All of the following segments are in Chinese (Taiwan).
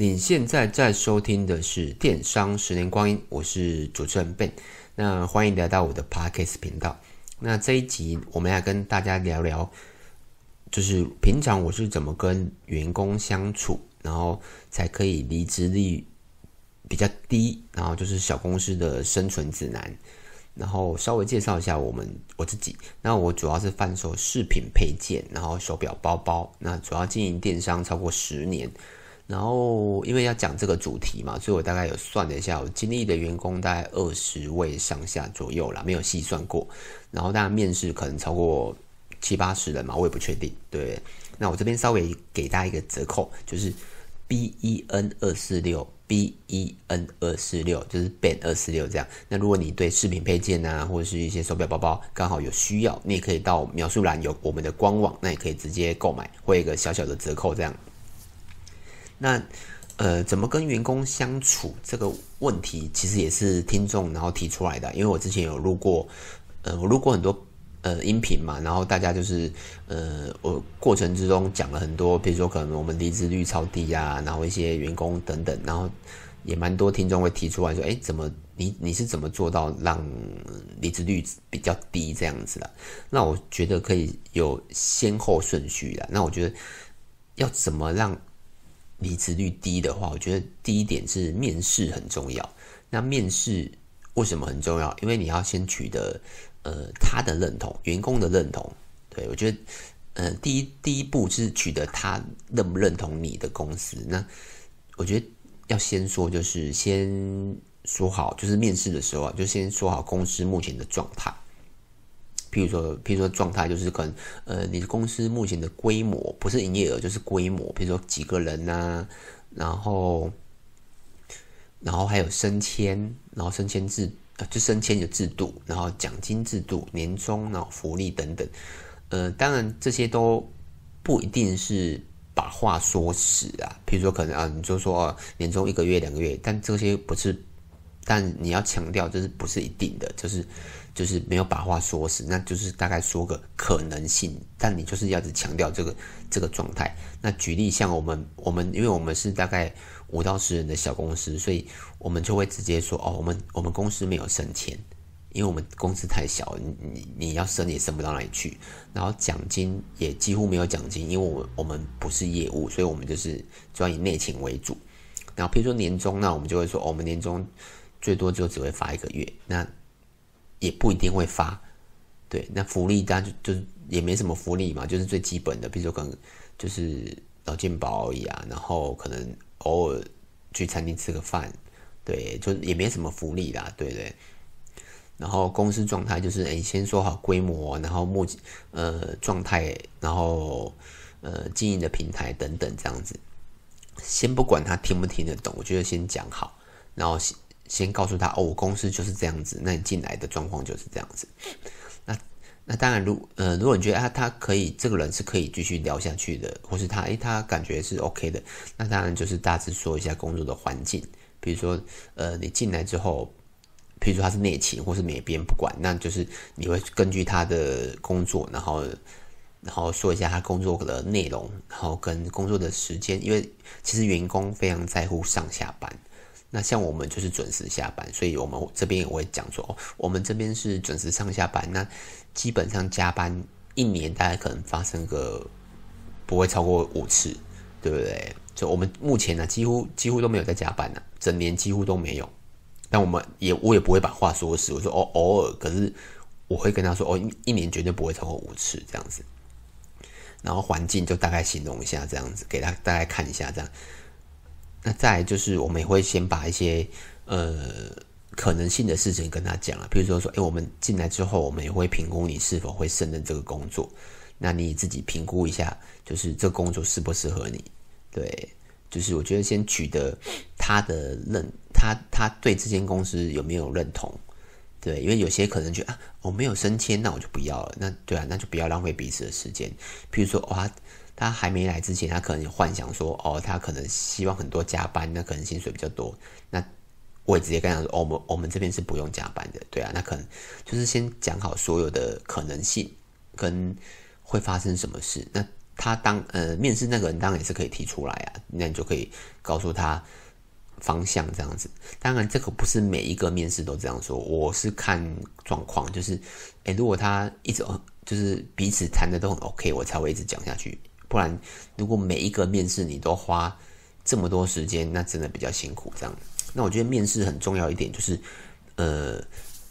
你現在在收聽的是《電商十年光陰》，我是主持人 Ben，那歡迎來到我的 Podcast 頻道。那這一集我們要跟大家聊聊，就是平常我是怎麼跟員工相處，然後才可以離職率比較低，然後就是小公司的生存指南。然後稍微介紹一下我們我自己，那我主要是販售飾品配件，然後手錶、包包，那主要經營電商超過十年。然後因為要講這個主題嘛，所以我大概有算了一下，我經歷的員工大概二十位上下左右啦，沒有細算過。然後大家面試可能超過七八十人嘛，我也不確定。對，那我這邊稍微給大家一個折扣，就是 B E N 二四六，B E N 二四六，就是 Ben 二四六這樣。那如果你對飾品配件啊，或者是一些手錶包包剛好有需要，你也可以到描述欄有我們的官網，那也可以直接購買，會有一個小小的折扣這樣。那，呃，怎麼跟員工相處這個問題，其實也是聽眾然後提出來的。因為我之前有錄過，呃，我錄過很多呃音頻嘛，然後大家就是呃，我過程之中講了很多，比如說可能我們離職率超低呀，啊，然後一些員工等等，然後也蠻多聽眾會提出來說，哎，怎麼你你是怎麼做到讓離職率比較低這樣子的？那我覺得可以有先後順序的。那我覺得要怎麼讓？離職率低的話，我覺得第一點是面試很重要。那面試為什麼很重要？因為你要先取得呃他的認同，員工的認同。對我覺得，呃，第一第一步是取得他認不認同你的公司。那我覺得要先說，就是先說好，就是面試的時候啊，就先說好公司目前的狀態。譬如說，譬如說，狀態就是可能，呃，你的公司目前的規模不是營業額，就是規模。比如說幾個人吶、啊，然後，然後還有升遷，然後升遷制，呃、就升遷的制度，然後獎金制度，年終然後福利等等。呃，當然這些都不一定是把話說死啊。譬如說，可能啊，你就說、呃、年終一個月兩個月，但這些不是。但你要強調，這是不是一定的？就是，就是沒有把話說死，那就是大概說個可能性。但你就是要強調這個這個狀態。那舉例像我們，我們因為我們是大概五到十人的小公司，所以我們就會直接說哦，我們我們公司沒有升遷，因為我們公司太小，你你要升也升不到哪裡去。然後獎金也幾乎沒有獎金，因為我們我們不是業務，所以我們就是主要以內勤為主。然後譬如說年終，那我們就會說哦，我們年終。最多就只會發一個月，那也不一定會發。對，那福利大家就就也沒什麼福利嘛，就是最基本的，比如說可能就是勞健保而已啊。然後可能偶爾去餐廳吃個飯，對，就也沒什麼福利啦，對不對，對？然後公司狀態就是，誒、欸，先說好規模，然後目呃狀態，然後呃經營的平台等等這樣子。先不管他聽不聽得懂，我覺得先講好，然後。先告訴他哦，我公司就是這樣子，那你進來的狀況就是這樣子。那那當然如，如呃，如果你覺得啊，他可以，這個人是可以繼續聊下去的，或是他誒、欸，他感覺是 OK 的，那當然就是大致說一下工作的環境，比如說呃，你進來之後，譬如說他是內勤或是美編，不管，那就是你會根據他的工作，然後然後說一下他工作的內容，然後跟工作的時間，因為其實員工非常在乎上下班。那像我們就是準時下班，所以我們這邊也會講說、哦，我們這邊是準時上下班。那基本上加班一年大概可能發生個不會超過五次，對不對？就我們目前呢、啊，幾乎幾乎都沒有在加班了、啊，整年幾乎都沒有。但我們也我也不會把話說死，我說偶、哦、偶爾，可是我會跟他說，哦，一年絕對不會超過五次這樣子。然後環境就大概形容一下這樣子，給他大概看一下這樣。那再來就是，我們也會先把一些呃可能性的事情跟他講了、啊，比如說說，欸、我們進來之後，我們也會評估你是否會勝任這個工作。那你自己評估一下，就是這個工作適不適合你？對，就是我覺得先取得他的認，他他對這間公司有沒有認同？對，因為有些可能覺得、啊、我沒有升遷，那我就不要了。那對啊，那就不要浪費彼此的時間。譬如說哇。哦他他還沒來之前，他可能也幻想說：“哦，他可能希望很多加班，那可能薪水比較多。”那我也直接跟他講，哦：“我們我們這邊是不用加班的，對啊。”那可能就是先講好所有的可能性跟會發生什麼事。那他當呃面試那個人當然也是可以提出來啊，那你就可以告訴他方向這樣子。當然，這個不是每一個面試都這樣說，我是看狀況，就是哎、欸，如果他一直就是彼此談的都很 OK，我才會一直講下去。不然，如果每一個面試你都花這麼多時間，那真的比較辛苦這樣。那我覺得面試很重要一點就是，呃，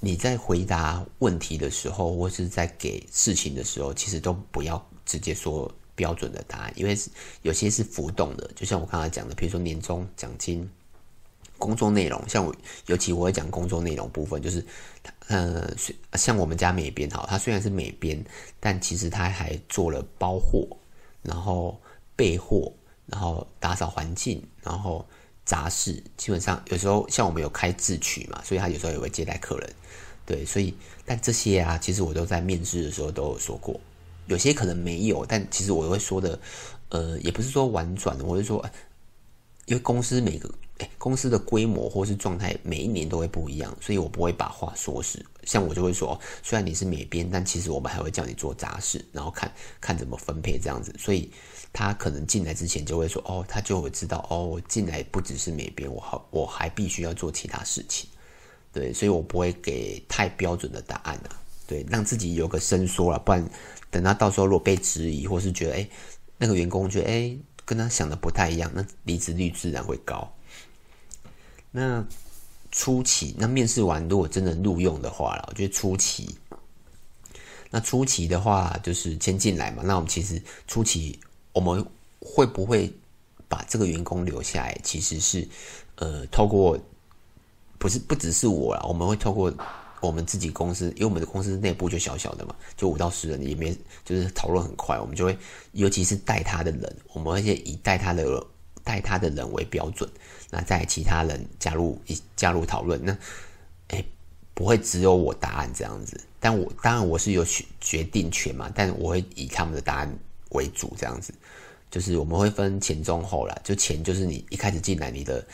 你在回答問題的時候，或是在給事情的時候，其實都不要直接說標準的答案，因為有些是浮動的。就像我剛才講的，比如說年終獎金、工作內容，像我，尤其我會講工作內容部分，就是，呃，像我們家美編哈，他雖然是美編，但其實他還做了包貨。然後備貨，然後打掃環境，然後雜事，基本上有時候像我們有開自取嘛，所以他有時候也會接待客人，對，所以但這些啊，其實我都在面試的時候都有說過，有些可能沒有，但其實我會說的，呃，也不是說婉轉，我是說，因為公司每個。哎、欸，公司的規模或是狀態每一年都會不一樣，所以我不會把話說死。像我就會說，雖然你是美編，但其實我們還會叫你做雜事，然後看看怎麼分配這樣子。所以他可能進來之前就會說，哦，他就會知道，哦，我進來不只是美編，我好我還必須要做其他事情，對，所以我不會給太標準的答案吶、啊，對，讓自己有個伸縮了，不然等他到，到時候如果被質疑或是覺得，哎、欸，那個員工覺得，哎、欸，跟他想的不太一樣，那離職率自然會高。那初期，那面試完如果真的錄用的話了，我覺得初期，那初期的話就是先進來嘛。那我們其實初期，我們會不會把這個員工留下來？其實是呃，透過不是不只是我啦，我們會透過我們自己公司，因為我們的公司內部就小小的嘛，就五到十人，裡面，就是討論很快，我們就會，尤其是帶他的人，我們而且以帶他的。帶他的人為標準，那在其他人加入，加入討論，那，哎、欸，不會只有我答案這樣子。但我當然我是有決決定權嘛，但我會以他們的答案為主這樣子。就是我們會分前中後啦，就前就是你一開始進來你的，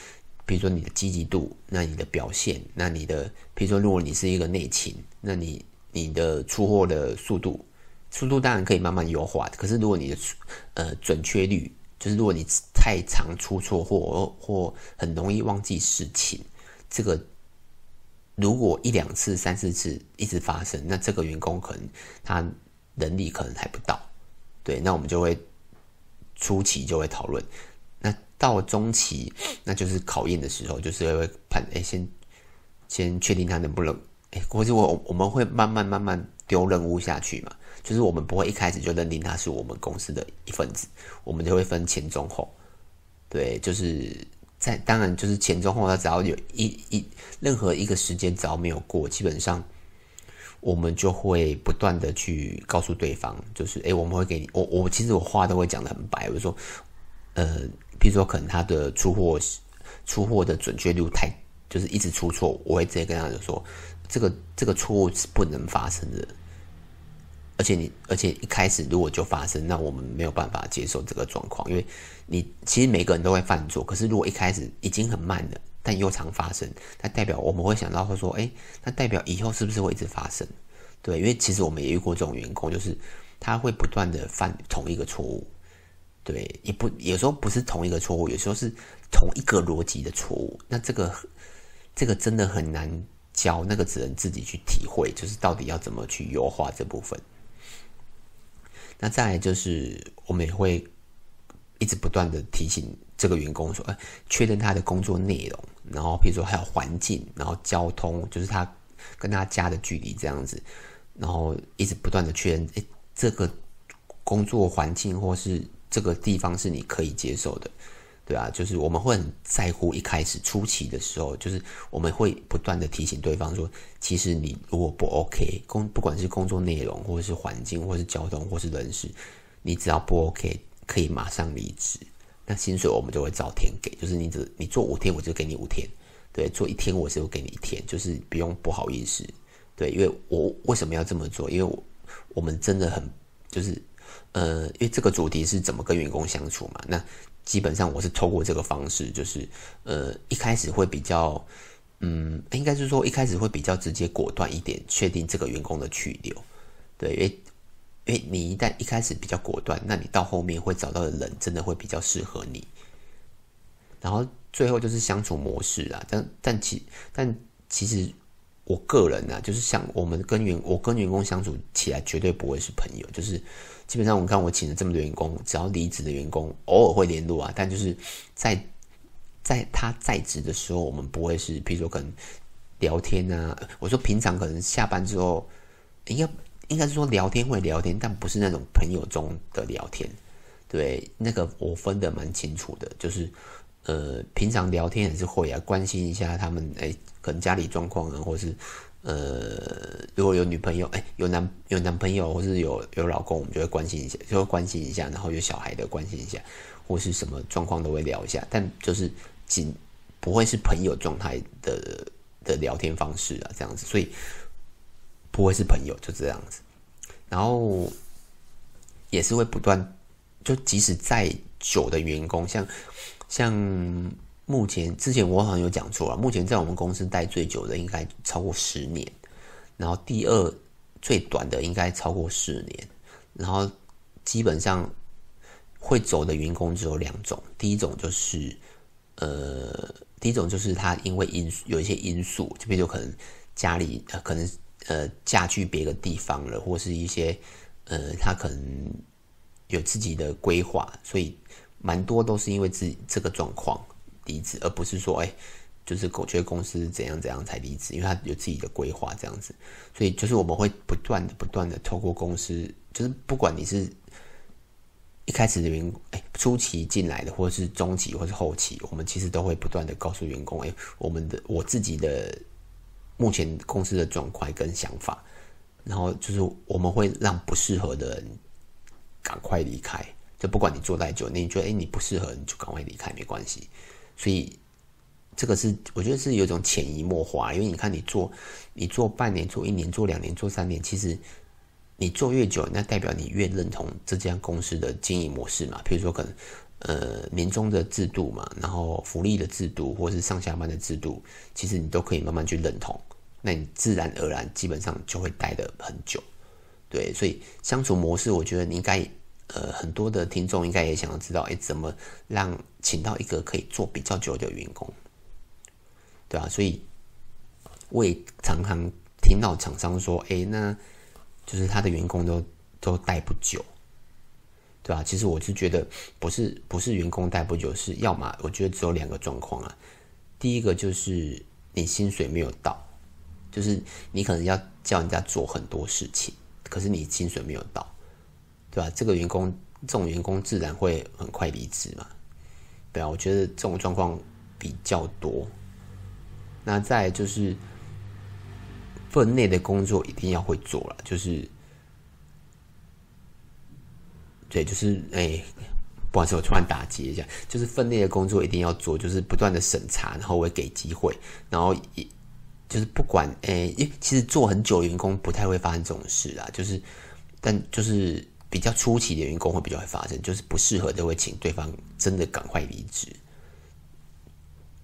比如說你的積極度，那你的表現，那你的，比如說如果你是一個內勤，那你你的出貨的速度，速度當然可以慢慢優化，可是如果你的呃準確率。就是如果你太常出錯或或很容易忘記事情，這個如果一兩次、三四次一直發生，那這個員工可能他能力可能還不到，對，那我們就會初期就會討論，那到中期那就是考驗的時候，就是會判哎、欸、先先確定他能不能哎、欸，或我我們會慢慢慢慢。丟任務下去嘛，就是我們不會一開始就認定他是我們公司的一份子，我們就會分前中後。對，就是在當然就是前中後，他只要有一一任何一個時間只要沒有過，基本上我們就會不斷地去告訴對方，就是哎，我們會給你，我我其實我話都會講得很白，我就說呃，比如說可能他的出貨出貨的準確率太就是一直出錯，我會直接跟他就說，這個這個錯誤是不能發生的，而且你而且一開始如果就發生，那我們沒有辦法接受這個狀況，因為你其實每個人都會犯錯，可是如果一開始已經很慢了，但又常發生，那代表我們會想到會說，哎，那代表以後是不是會一直發生？對，因為其實我們也遇過這種員工，就是他會不斷的犯同一個錯誤，對，也不有時候不是同一個錯誤，有時候是同一個邏輯的錯誤，那這個這個真的很難。教那個只能自己去體會，就是到底要怎麼去優化這部分。那再來就是我們也會一直不斷的提醒這個員工說，哎，確認他的工作內容，然後比如說還有環境，然後交通，就是他跟他家的距離這樣子，然後一直不斷的確認，哎、欸，這個工作環境或是這個地方是你可以接受的。對啊，就是我們會很在乎一開始初期的時候，就是我們會不斷地提醒對方說，其實你如果不 OK，不管是工作內容，或者是環境，或是交通，或是人事，你只要不 OK，可以馬上離職。那薪水我們就會照天給，就是你只你做五天我就給你五天，對，做一天我就給你一天，就是不用不好意思。對，因為我為什麼要這麼做？因為我我們真的很就是呃，因為這個主題是怎麼跟員工相處嘛，那。基本上我是透過這個方式，就是，呃，一開始會比較，嗯，應該是說一開始會比較直接果斷一點，確定這個員工的去留，對，因為因為你一旦一開始比較果斷，那你到後面會找到的人真的會比較適合你，然後最後就是相處模式啦，但但其但其實。我個人呢、啊，就是像我們跟員，我跟員工相處起來絕對不會是朋友。就是基本上，我看我請了這麼多員工，只要離職的員工，偶爾會聯絡啊。但就是在在他在職的時候，我們不會是，比如說可能聊天啊。我說平常可能下班之後，應該應該是說聊天會聊天，但不是那種朋友中的聊天。對，那個我分得蠻清楚的，就是。呃，平常聊天也是會啊，關心一下他們，哎，可能家裡狀況啊，或是，呃，如果有女朋友，哎，有男有男朋友，或是有有老公，我們就會關心一下，就會關心一下，然後有小孩的關心一下，或是什麼狀況都會聊一下，但就是僅不會是朋友狀態的的聊天方式啊，這樣子，所以不會是朋友，就這樣子，然後也是會不斷，就即使再久的員工，像。像目前之前我好像有講錯啊。目前在我們公司待最久的應該超過十年，然後第二最短的應該超過四年，然後基本上會走的員工只有兩種，第一種就是呃，第一種就是他因為因有一些因素，這邊就可能家裡可能呃嫁去別個地方了，或是一些呃他可能有自己的規劃，所以。蠻多都是因為自己這個狀況離職，而不是說哎、欸，就是我覺得公司怎樣怎樣才離職，因為他有自己的規劃這樣子。所以就是我們會不斷的、不斷的透過公司，就是不管你是一開始的員工，哎、欸，初期進來的，或者是中期，或是後期，我們其實都會不斷的告訴員工，哎、欸，我們的我自己的目前公司的狀況跟想法，然後就是我們會讓不適合的人趕快離開。就不管你做太久，那你覺得、欸、你不適合，你就趕快離開沒關係。所以這個是我覺得是有一種潛移默化，因為你看你做你做半年、做一年、做兩年、做三年，其實你做越久，那代表你越認同這家公司的經營模式嘛。比如說，可能呃年終的制度嘛，然後福利的制度，或是上下班的制度，其實你都可以慢慢去認同。那你自然而然基本上就會待得很久，對。所以相處模式，我覺得你應該。呃，很多的聽眾應該也想要知道，哎，怎麼讓請到一個可以做比較久的員工，對啊。所以我也常常聽到廠商說，哎，那就是他的員工都都待不久，對啊。其實我是覺得，不是不是員工待不久，是要麼我覺得只有兩個狀況啊。第一個就是你薪水沒有到，就是你可能要叫人家做很多事情，可是你薪水沒有到。對吧？這個員工，這種員工自然會很快離職嘛，對吧、啊？我覺得這種狀況比較多。那再來就是分內的工作一定要會做了，就是對，就是哎、欸，不好意思，我突然打擊一下，就是分內的工作一定要做，就是不斷的審查，然後會給機會，然後一就是不管哎、欸，其實做很久的員工不太會發生這種事啊，就是但就是。比較初期的員工會比較會發生，就是不適合的會請對方真的趕快離職，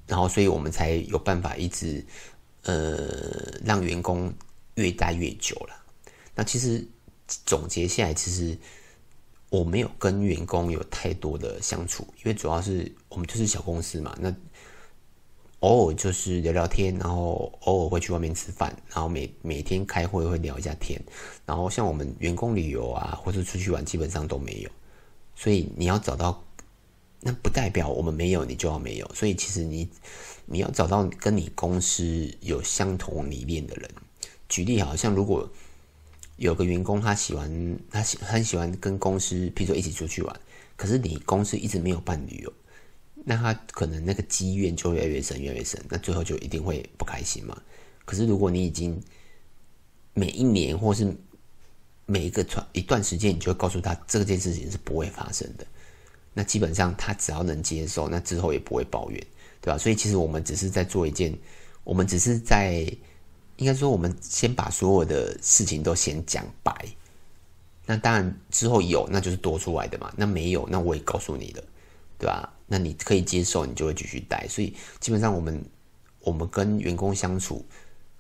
然後所以我們才有辦法一直呃讓員工越待越久了。那其實總結下來，其實我沒有跟員工有太多的相處，因為主要是我們就是小公司嘛。那偶爾就是聊聊天，然後偶爾會去外面吃飯，然後每每天開會會聊一下天，然後像我們員工旅遊啊，或者出去玩，基本上都沒有。所以你要找到，那不代表我們沒有，你就要沒有。所以其實你你要找到跟你公司有相同理念的人。舉例好了，像如果有個員工他喜歡他喜很喜歡跟公司，譬如說一起出去玩，可是你公司一直沒有辦旅遊。那他可能那個積怨就越來越深，越來越深，那最後就一定會不開心嘛。可是如果你已經每一年或是每一個傳一段時間，你就會告訴他，這件事情是不會發生的。那基本上他只要能接受，那之後也不會抱怨，對吧？所以其實我們只是在做一件，我們只是在應該說，我們先把所有的事情都先講白。那當然之後有，那就是多出來的嘛。那沒有，那我也告訴你了。對吧？那你可以接受，你就會繼續待。所以基本上我們我們跟員工相處，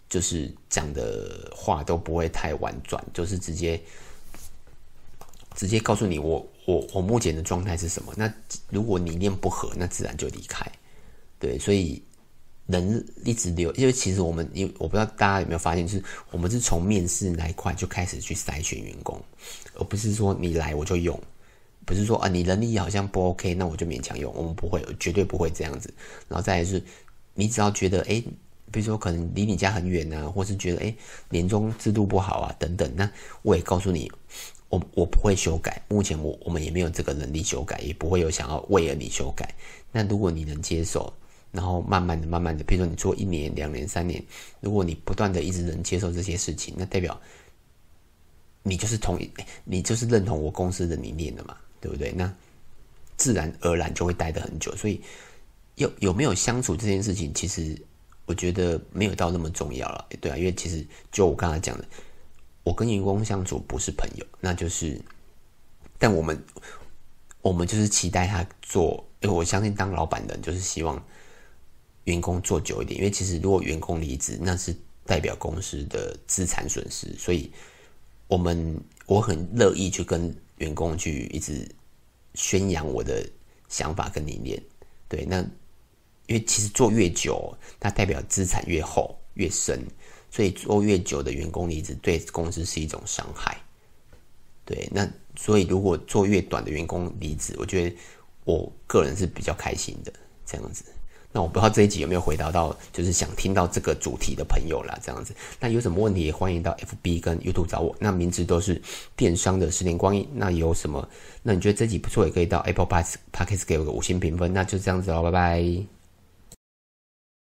就是講的話都不會太婉轉，就是直接直接告訴你我我我目前的狀態是什麼。那如果你理念不合，那自然就離開。對，所以人一直留，因為其實我們，因我不知道大家有沒有發現，就是我們是從面試那一塊就開始去篩選員工，而不是說你來我就用。不是說啊，你能力好像不 OK，那我就勉強用。我們不會，我絕對不會這樣子。然後再來是，你只要覺得，哎、欸，比如說可能離你家很遠啊，或是覺得，哎、欸，年終制度不好啊，等等。那我也告訴你，我我不會修改。目前我我們也沒有這個能力修改，也不會有想要為了你修改。那如果你能接受，然後慢慢的、慢慢的，比如說你做一年、兩年、三年，如果你不斷的一直能接受這些事情，那代表你就是同意，你就是認同我公司的理念的嘛。對不對？那自然而然就會待得很久，所以有有沒有相處這件事情，其實我覺得沒有到那麼重要了。對啊，因為其實就我剛才講的，我跟員工相處不是朋友，那就是，但我們我們就是期待他做，因為我相信當老闆的就是希望員工做久一點，因為其實如果員工離職，那是代表公司的資產損失，所以我們。我很樂意去跟員工去一直宣揚我的想法，跟理念。對，那因為其實做越久，它代表資產越厚越深，所以做越久的員工離職對公司是一種傷害。對，那所以如果做越短的員工離職，我覺得我個人是比較開心的這樣子。那我不知道這一集有沒有回答到，就是想聽到這個主題的朋友啦，這樣子。那有什麼問題也歡迎到 FB 跟 YouTube 找我，那名字都是電商的十年光陰。那有什麼，那你覺得這一集不錯，也可以到 Apple Podcast 給我個五星評分。那就這樣子嘍，拜拜。